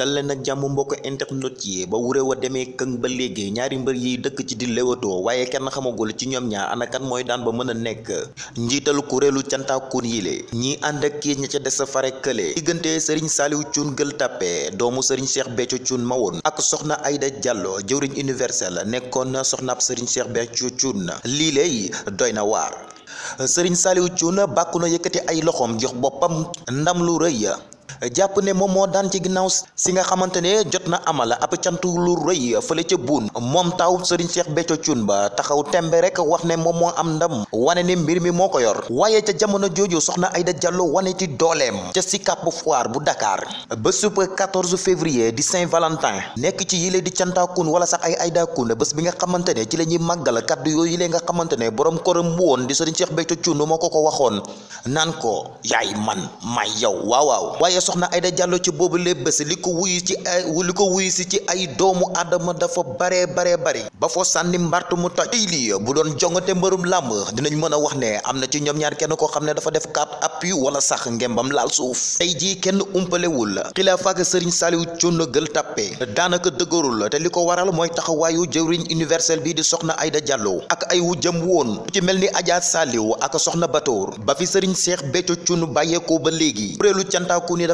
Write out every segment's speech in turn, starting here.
dalee nag jàmm mbokk internet yi ba wuré wa demee këng ba léegi ñaari mbër yiy dëkk ci di léwatoo waaye kenn xamagul ci ñoom ñaar ana kan mooy daan ba mën a nekk njiitalu kuréelu cantaakun yi ñi ànd ak kii ña ca des sa fare kële diggante sëriñ saaliw cuun gël tàppe doomu sëriñ cheikh becco cuun ma woon ak soxna ayda jàllo jëwriñ universel nekkoon na soxnaab sëriñ cheikh becco cuun na lay doy na waar sëriñ saaliw cuun bàkku na yëkkati ay loxoom jox boppam jàpp ne moom moo daan ci ginnaaw si nga xamante ne jot na amal ab cant lu rëy fële ca buun moom taw sëriñ Cheikh Béthio cuun ba taxaw tembe rek wax ne moom moo am ndam wane ne mbir mi moo ko yor waaye ca jamono jooju soxna Aïda Diallo wane ci dooleem ca si Sicap Foire bu Dakar ba suba 14 février di Saint-Valentin nekk ci yile di cantaakun wala sax ay aydakun bés bi nga xamante ne ci la ñuy màggal kàddu yooyu yile nga xamante ne borom këram bu woon di sëriñ Cheikh Béthio Thioune moo ko ko waxoon naan ko yaay man may yow soxna Aida Diallo ci boobu lépp bés li ko wuyu ci ay ay doomu aadama dafa baree baree bari ba foo sànni mbartu mu toj tey bu doon jongante mbërum làmb dinañ mën a wax ne am na ci ñoom ñaar kenn koo xam ne dafa def carte appui wala sax ngembam laal suuf tey jii kenn umpalewul la xilaafa ak Serigne Saliou Thioune Gueule Tapée daanaka dëgërul te li ko waral mooy taxawaayu jëwriñ universel bi di soxna Aida jàlloo ak ay wu jëm woon ku ci mel ni Adja Saliou ak soxna Batoor ba fi Serigne Cheikh Béthio Thioune ba léegi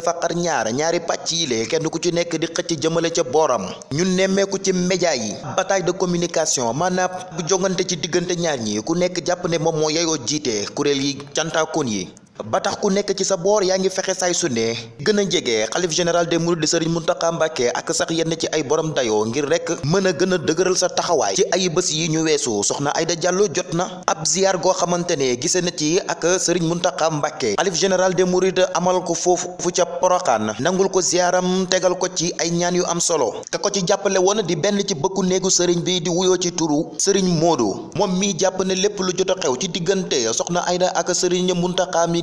faqar ñaar ñaari pàcc yi lee kenn ku ci nekk di xëcc jëmale ca booram ñun nemmeeku ci média yi bataille de communication maanaam bu jongante ci diggante ñaar ñi ku nekk jàpp ne moom moo yeyoo jiite kuréel yi cantaakoon yi ba tax ku nekk ci sa boor yaa ngi fexe saay su ne gën a jege xalif général des mourides sëriñ Mountakha Mbacké ak sax yenn ci ay borom dayoo ngir rek mën a gën a dëgëral sa taxawaay ci ay bés yi ñu weesu soxna Aïda Diallo jot na ab ziar goo xamante ne gise na ci ak sëriñ Mountakha Mbacké xalif général de mourides amal ko foofu fu ca Poroxaan nangul ko ziaram tegal ko ci ay ñaan yu am solo ka ko ci jàppale woon di benn ci bëkku néegu sëriñ bi di wuyoo ci turu sëriñ Modou moom mii jàpp ne lépp lu jot a xew ci diggante soxna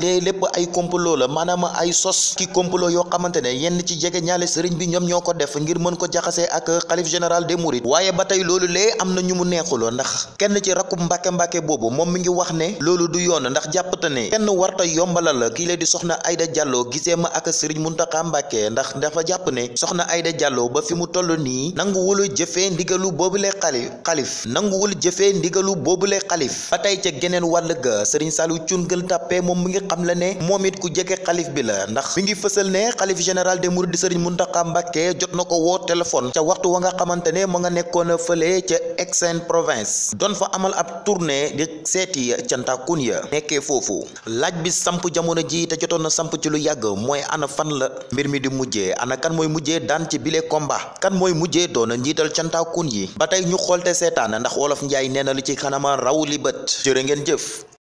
dee lépp ay complot la maanaam ay sos ki complot yoo xamante ne yenn ci jege ñaale sëriñ bi ñoom ñoo ko def ngir mën ko jaxasee ak xalif général des mourides waaye ba tey loolu lee am na ñu mu neexuloo ndax kenn ci rakkub mbàkke mbàkke boobu moom mi ngi wax ne loolu du yoon ndax jàppate ne kenn warta yombalal kii la di soxna Aïda Diallo gisee ma ak sëriñ Muntaxa Mbàkke ndax dafa jàpp ne soxna Aïda Diallo ba fi mu toll nii nanguwul jëfee ndigalu boobule xali xalif nanguwul jëfee ndigalu boobule xalif ba tey ca ga sëriñ Saliou Thioune Gueule Tapée moom mi ngi xam la ne moom it ku jege xalif bi la ndax mi ngi fësal ne xalif général des mourides sëriñ Muntaxa Mbàkke jot na ko woo téléphone ca waxtu wa nga xamante ne mu nga nekkoon a fële ca Aix-en-Provence doon fa amal ab tournée di seeti cantakun ya nekke foofu laaj bi samp jamono ji te jotoon na samp ci lu yàgg mooy ana fan la mbir mi di mujjee ana kan mooy mujjee daan ci bile combat kan mooy mujjee doona njiital cantakun yi ba tey ñu xoolte seetaan ndax wolof njaay nee na lu ci kanama raw li bët ngeen jëf